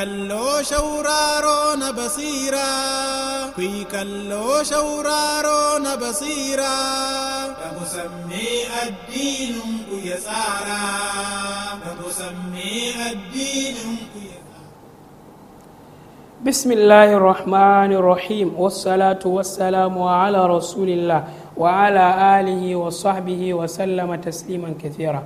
kalloo shawraaroo na basiiraa kuyi kalloo shawraaroo na basiiraa kamusammee addiinuun kuyya saaraa kamusammee addiinuun kuyya بسم الله الرحمن الرحيم والصلاة والسلام على رسول الله وعلى آله وصحبه وسلم تسليما كثيرا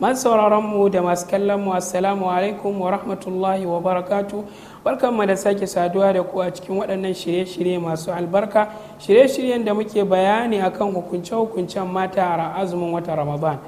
masu mu da masu kallonmu assalamu alaikum wa rahmatullahi wa barakatu barkanmu da sake saduwa da ku a cikin waɗannan shirye-shirye masu albarka shirye-shiryen da muke bayani akan hukunce-hukuncen mata a azumin wata ramadan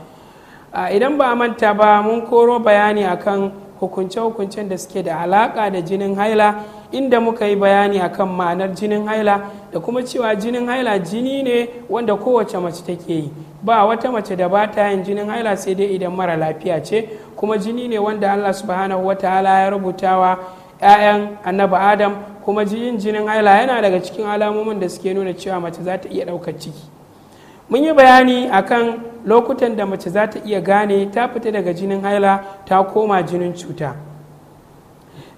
idan ba a manta ba mun koro bayani akan hukunce-hukuncen da suke da alaƙa da jinin haila inda muka yi bayani akan ma'anar jinin haila da kuma cewa jinin haila jini ne wanda kowace mace take yi ba wata mace da ba ta yin jinin haila sai dai idan mara lafiya ce kuma jini ne wanda allah subhanahu wa ta'ala ya rubutawa 'ya'yan annabi adam kuma jinin jinin haila yana daga cikin alamomin da suke nuna cewa mace za ta iya ɗaukar ciki mun yi bayani akan lokutan da mace za ta iya gane ta fita daga jinin haila ta koma jinin cuta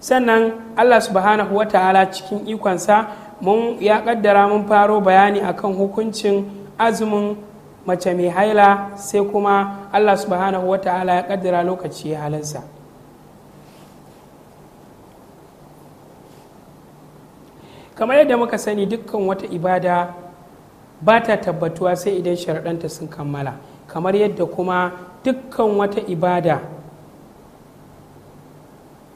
sannan allah subhanahu wa ta'ala cikin ikonsa mun ya kaddara mun faro bayani akan hukuncin azumin mace mai haila sai kuma allah subhanahu wa ta'ala ya kaddara lokaci ya halarsa kamar yadda muka sani dukkan wata ibada ba ta tabbatuwa sai idan sharaɗanta sun kammala kamar yadda kuma dukkan wata ibada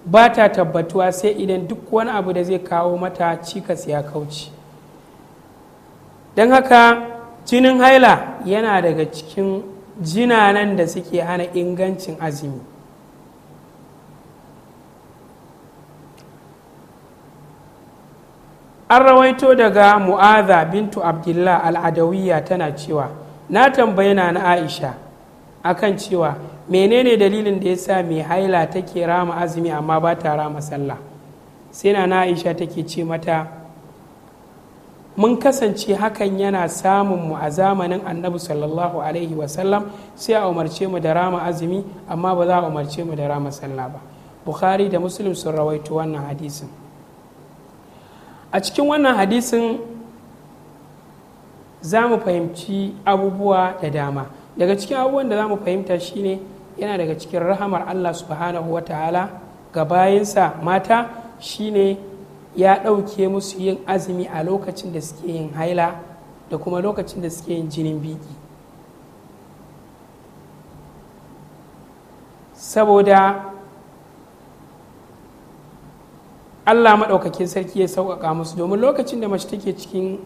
ba ta tabbatuwa sai idan duk wani abu da zai kawo mata cikas ya kauce don haka jinin haila yana daga cikin jinanan da suke hana ingancin azumi an rawaito daga mu'aza bintu abdullah al'adawiyya tana cewa na tambayi na aisha akan cewa menene dalilin da ya sa mai haila take rama azumi amma ba ta rama sallah sai na aisha take ce mata mun kasance hakan yana samun mu a zamanin annabi sallallahu alaihi wasallam sai a umarce mu da rama azumi amma ba za a umarce mu da rama sallah ba bukhari da muslim sun rawaito wannan hadisin a cikin wannan hadisin za mu fahimci abubuwa da dama daga cikin abubuwan da za mu fahimta shine yana daga cikin rahamar allah subhanahu wa ta'ala ga bayansa mata shine ya ɗauke musu yin azumi a lokacin da suke yin haila da kuma lokacin da suke yin jinin biki saboda allah maɗaukakin sarki ya sauƙaƙa musu domin lokacin da mace take cikin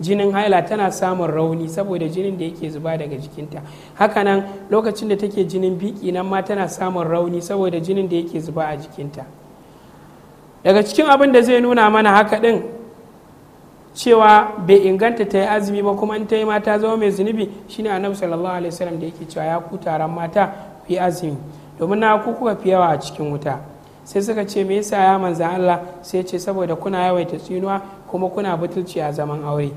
jinin haila tana samun rauni saboda jinin da yake zuba daga jikinta hakanan lokacin da take jinin biki nan ma tana samun rauni saboda jinin da yake zuba a jikinta daga cikin abin da zai nuna mana haka din cewa bai inganta ta yi azumi ba kuma in ta yi mata zama mai zunubi shine annabi sallallahu alaihi wasallam da yake cewa ya ku taron mata ku yi azumi domin na ku kuka fi yawa a cikin wuta sai suka ce me yasa ya manzan Allah sai ce saboda kuna yawaita tsinuwa kuma kuna butulci a zaman aure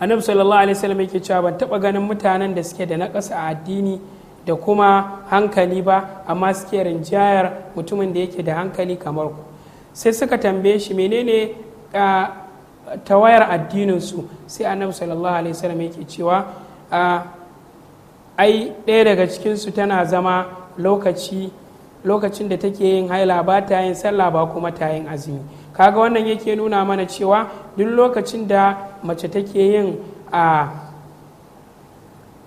annabi sallallahu alaihi wasallam yake cewa ban taba ganin mutanen da suke da naƙasa a addini da kuma hankali ba amma suke rinjayar mutumin da yake da hankali kamar ku sai suka tambaye shi menene tawayar addininsu sai annabi sallallahu alaihi wasallam yake cewa ai ɗaya daga cikinsu tana zama lokaci lokacin da take yin haila ba ta yin sallah ba kuma ta yin azumi kaga wannan yake nuna mana cewa duk lokacin da mace take yin a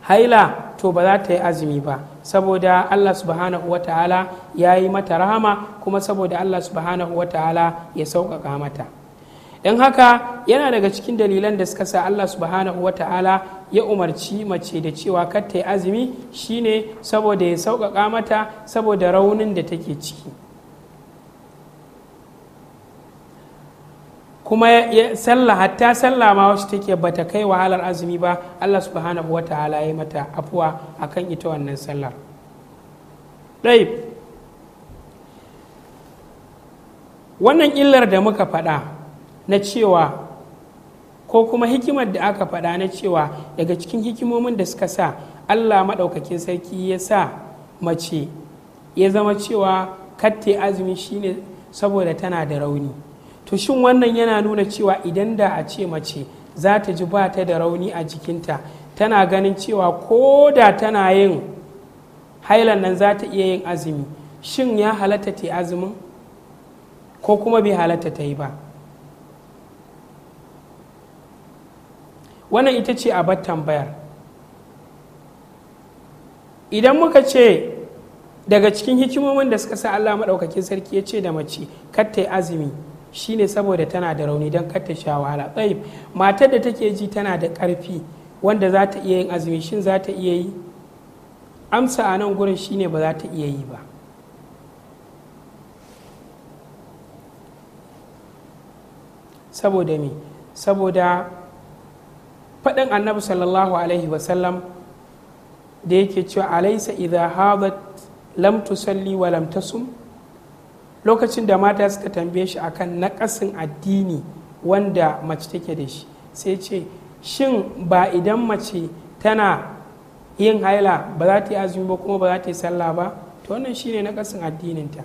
haila to ba za ta yi azumi ba saboda allah subhanahu wa ta'ala ya yi mata rahama kuma saboda allah subhanahu wa ta'ala ya sauƙaƙa mata don haka yana daga cikin dalilan da suka sa allah subhanahu wa ta'ala ya umarci mace da cewa kar ta yi azumi shine saboda ya sauƙaƙa mata saboda raunin da take ciki kuma sallah hatta sallah ma wacce take bata kai wahalar azumi ba Allah subhanahu wa ta'ala ya mata afuwa akan ita wannan sallar wannan illar da muka faɗa na cewa ko kuma hikimar da aka faɗa na cewa daga cikin hikimomin da suka sa Allah maɗaukakin sarki ya sa mace ya zama cewa katte azumi shine saboda tana da rauni to shin wannan yana nuna cewa idan da a ce mace za ta ji ba ta da rauni a jikinta tana ganin cewa ko da tana yin hailan nan za ta iya yin azumi shin ya halatta ta azumin ko kuma bai halatta ta yi ba wannan ita ce abar tambayar idan muka ce daga cikin hikimomin da suka sa allah maɗaukakin sarki ya ce da mace kar ta yi azumi shine saboda tana da rauni don kar ta sha wahala tsaye matar da take ji tana da ƙarfi wanda za ta iya yin azumi shin za ta iya yi amsa a nan gurin shine ba za ta iya yi ba saboda me saboda faɗin annabi sallallahu alaihi wasallam da yake cewa alaisa idha hadat lam tusalli wa lam tasum lokacin da mata suka tambaye shi akan nakasin addini wanda mace take da shi sai ce shin ba idan mace tana yin haila ba za ta yi azumi ba kuma ba za ta yi sallah ba to wannan shine nakasin addininta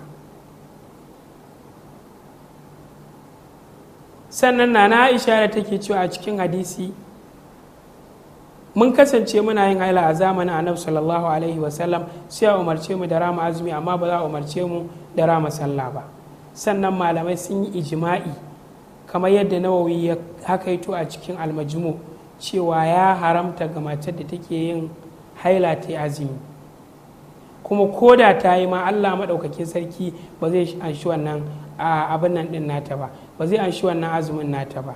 sannan na na aisha da take cewa a cikin hadisi mun kasance muna yin haila a zamanin annabi sallallahu alaihi wasallam sai a umarce mu da rama azumi amma ba za a umarce mu da rama sallah ba sannan malamai sun yi ijima'i kamar yadda nawawi ya hakaito a cikin almajimu cewa ya haramta ga matar da take yin haila ta azumi kuma ko da ta yi ma allah maɗaukakin sarki ba zai anshi wannan abin nan ɗin nata ba ba zai anshi wannan azumin nata ba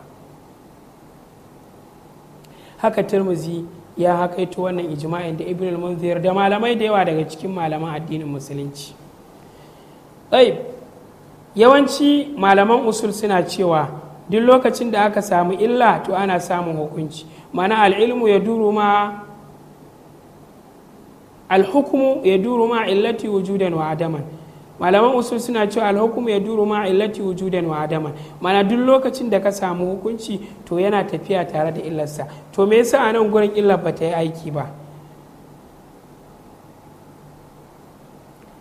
haka turmuzi ya hakaito wannan ijma'in da ibn al-munzir da malamai da yawa daga cikin malaman addinin musulunci yawanci malaman usul suna cewa duk lokacin da aka samu illa to ana samun hukunci mana al'ilmu ya duru ma alhukumu ya duru ma illati wujudan wa adaman malaman usul suna cewa alhukumu ya duru ma illati wujudan wa adama mana duk lokacin da ka samu hukunci to yana tafiya tare da illarsa to me yasa a nan gurin illar ba ta yi aiki ba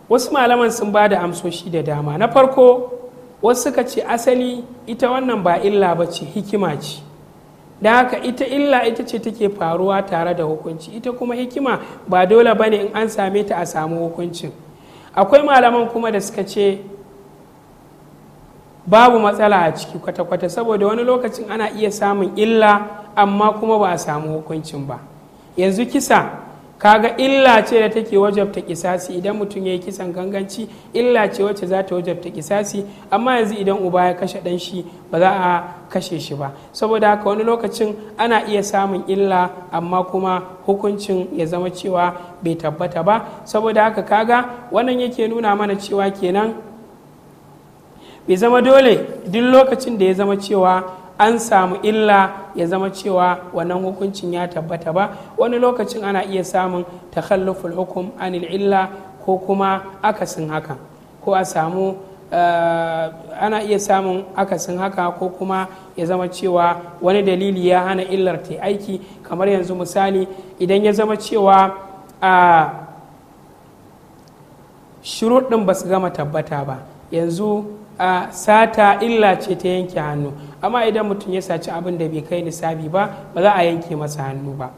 wasu malaman sun ba da amsoshi da dama na farko wasu suka ce asali ita wannan ba illa ba ce hikima ce da haka ita illa ita ce take faruwa tare da hukunci ita kuma hikima ba dole ba ne in an same ta a samu hukuncin akwai malaman kuma da suka ce babu matsala a ciki kwata-kwata saboda wani lokacin ana iya samun illa amma kuma ba a samu hukuncin ba yanzu kisa kaga illa ce da take wajabta kisasi idan mutum ya yi kisan ganganci illa ce wacce za ta wajabta kisasi amma yanzu idan uba ya kashe ɗanshi shi ba za a kashe shi ba saboda haka wani lokacin ana iya samun illa amma kuma hukuncin ya zama cewa bai tabbata ba saboda haka kaga wannan yake nuna mana cewa kenan bai zama dole duk lokacin da ya zama cewa an samu illa ya zama cewa wannan hukuncin ya tabbata ba wani lokacin ana iya samun takhalluful hukum anil illa ko kuma akasin haka ko a samu eh, ana iya samun akasin haka ko kuma ya zama cewa wani dalili ya hana illar ta aiki kamar yanzu misali idan ya zama cewa a shuruɗin ba su gama tabbata ba yanzu a sata illa ce ta yanke hannu amma idan mutum ya saci abin da bai kai nisabi ba ba za a yanke masa hannu ba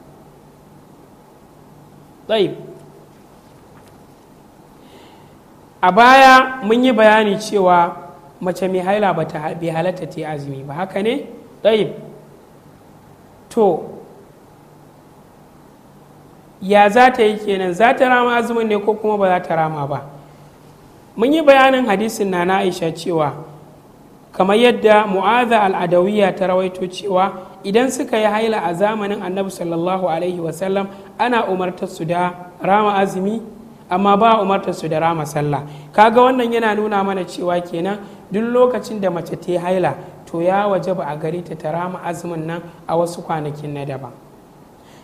a baya mun yi bayani cewa mace mai haila ba ta bai halatta ta azumi ba haka ne ɗayib to ya za ta yi kenan za ta rama azumin ne ko kuma ba za ta rama ba mun yi bayanin hadisin na na aisha cewa kamar yadda mu'aza al'adawiyya ta rawaito cewa idan suka yi haila a zamanin annabi sallallahu alaihi wasallam ana umartar su da rama azumi amma ba umartar su da rama sallah kaga wannan yana nuna mana cewa kenan duk lokacin da mace ta haila to ya waje ba a gari ta ta rama azumin nan a wasu kwanakin na daban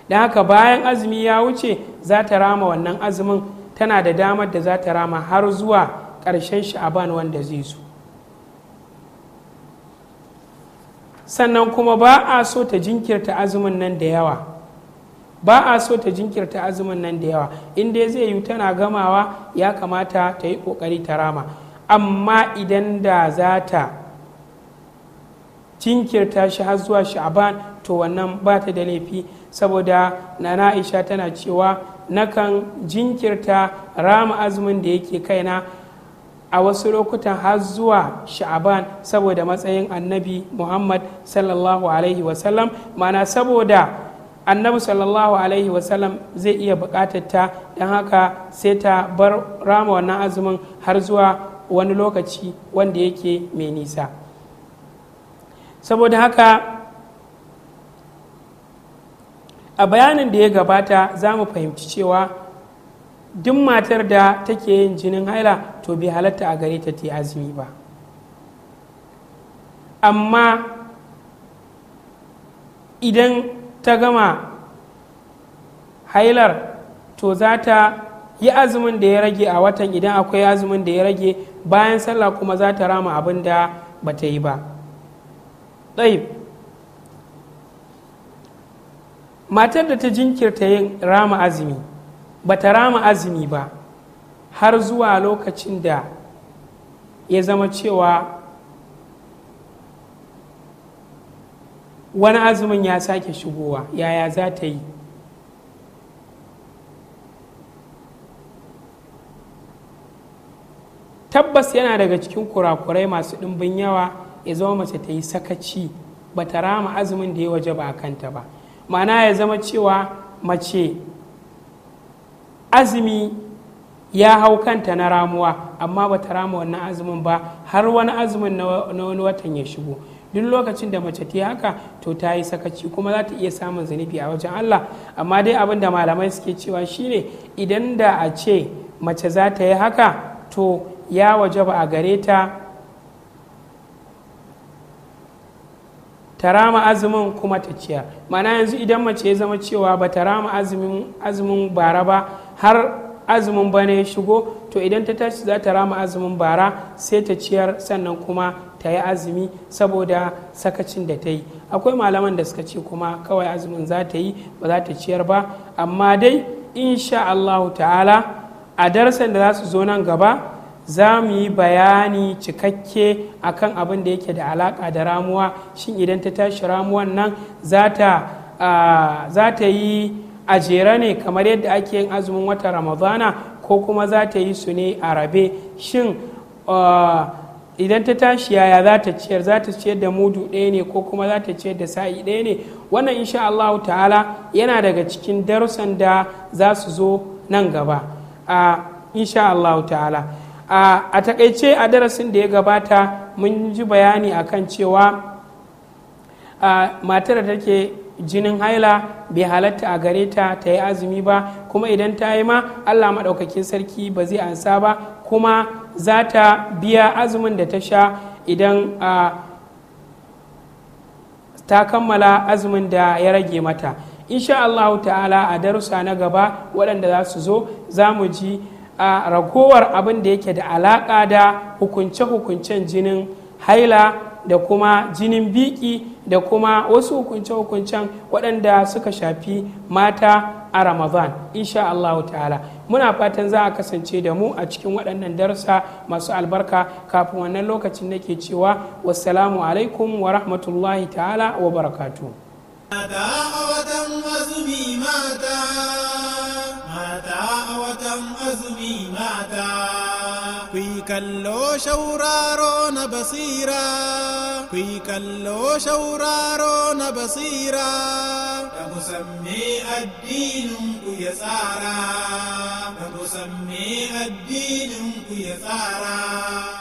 da haka bayan azumi ya wuce za ta rama wannan azumin tana da damar da za ta rama har zuwa ƙarshen sha'aban wanda zai so. sannan kuma ba a so ta jinkirta azumin nan da yawa ba a so ta jinkirta azumin nan da yawa in zai yi tana gamawa ya kamata ta yi kokari ta rama amma idan da za ta jinkirta shi har zuwa sha'aban to wannan ba ta da laifi saboda na aisha tana cewa nakan jinkirta rama azumin da yake kaina a wasu lokutan har zuwa sha'aban saboda matsayin annabi muhammad sallallahu alaihi wasallam mana saboda annabi sallallahu alaihi wasallam zai iya buƙatar ta don haka sai ta bar rama wannan azumin har zuwa wani lokaci wanda yake mai nisa saboda haka a bayanin da ya gabata za mu fahimci cewa duk matar da take yin jinin haila to bai halatta a gare ta ta azumi ba amma idan ta gama hailar to za ta yi azumin da ya rage a watan idan akwai azumin da ya rage bayan sallah kuma za ta rama abin da ba ta yi ba matar da ta jinkirta yin rama azumi ba ta rama azumi ba har zuwa lokacin da ya zama cewa wani azumin ya sake shigowa yaya za ta yi tabbas yana daga cikin kurakurai masu ɗimbin yawa ya zama mace ta yi sakaci ba ta rama azumin da ya waje ba a kanta ba ma'ana ya zama cewa mace azumi ya hau kanta na ramuwa amma ba ta rama wannan azumin ba har wani azumin na wani watan ya shigo duk lokacin da mace ta haka to ta yi sakaci kuma za ta iya samun zunubi a wajen Allah amma dai abin da malamai suke cewa shine idan da a ce mace za ta yi haka to ya waje ba a gare ta ta rama azumin kuma ta ciyar mana yanzu idan mace ya zama cewa ba ta rama azumin bara ba har azumin bana ya shigo to idan ta tashi za ta rama azumin bara sai ta ciyar sannan kuma ta yi azumi saboda sakacin da ta yi akwai malaman da suka ce kuma kawai azumin za ta yi ba za ta ciyar ba amma dai insha Allahu ta'ala a darasan da za su zo nan gaba za mu yi bayani cikakke akan abin da yake da alaka da ramuwa shin idan ta tashi ramuwan nan za ta ah, yi a jera ne kamar yadda ake yin azumin wata ramadana ko kuma za ta yi su ne a rabe shin uh, idan ta tashi yaya za ta ciyar za ta ciyar da mudu ɗaya ne ko kuma za ta ciyar da sa'i ɗaya ne wannan insha Allahu ta'ala yana daga cikin darussan da za su zo nan gaba a insha Allahu ta'ala a takaice a darasin da ya gabata mun ji bayani akan cewa matar da take jinin haila bai halatta a gare ta ta yi azumi ba kuma idan ta yi ma allah maɗaukakin sarki ba zai ansa ba kuma za ta biya azumin da ta sha idan ta kammala azumin da ya rage mata insha allahu ta'ala a darussa na gaba waɗanda za su zo za mu ji a ragowar abin da yake da alaƙa da hukunce-hukuncen jinin haila da kuma jinin biki da kuma wasu hukunce-hukuncen waɗanda suka shafi mata a ramadan insha Allah ta'ala muna fatan za a kasance da mu a cikin waɗannan darsa masu albarka kafin wannan lokacin nake cewa wassalamu alaikum wa rahmatullahi ta'ala wa barakatu. شورارون بصيرا في كلو شورارون بصيرا لمسمي الدين يسارا لمسمي الدين يسارا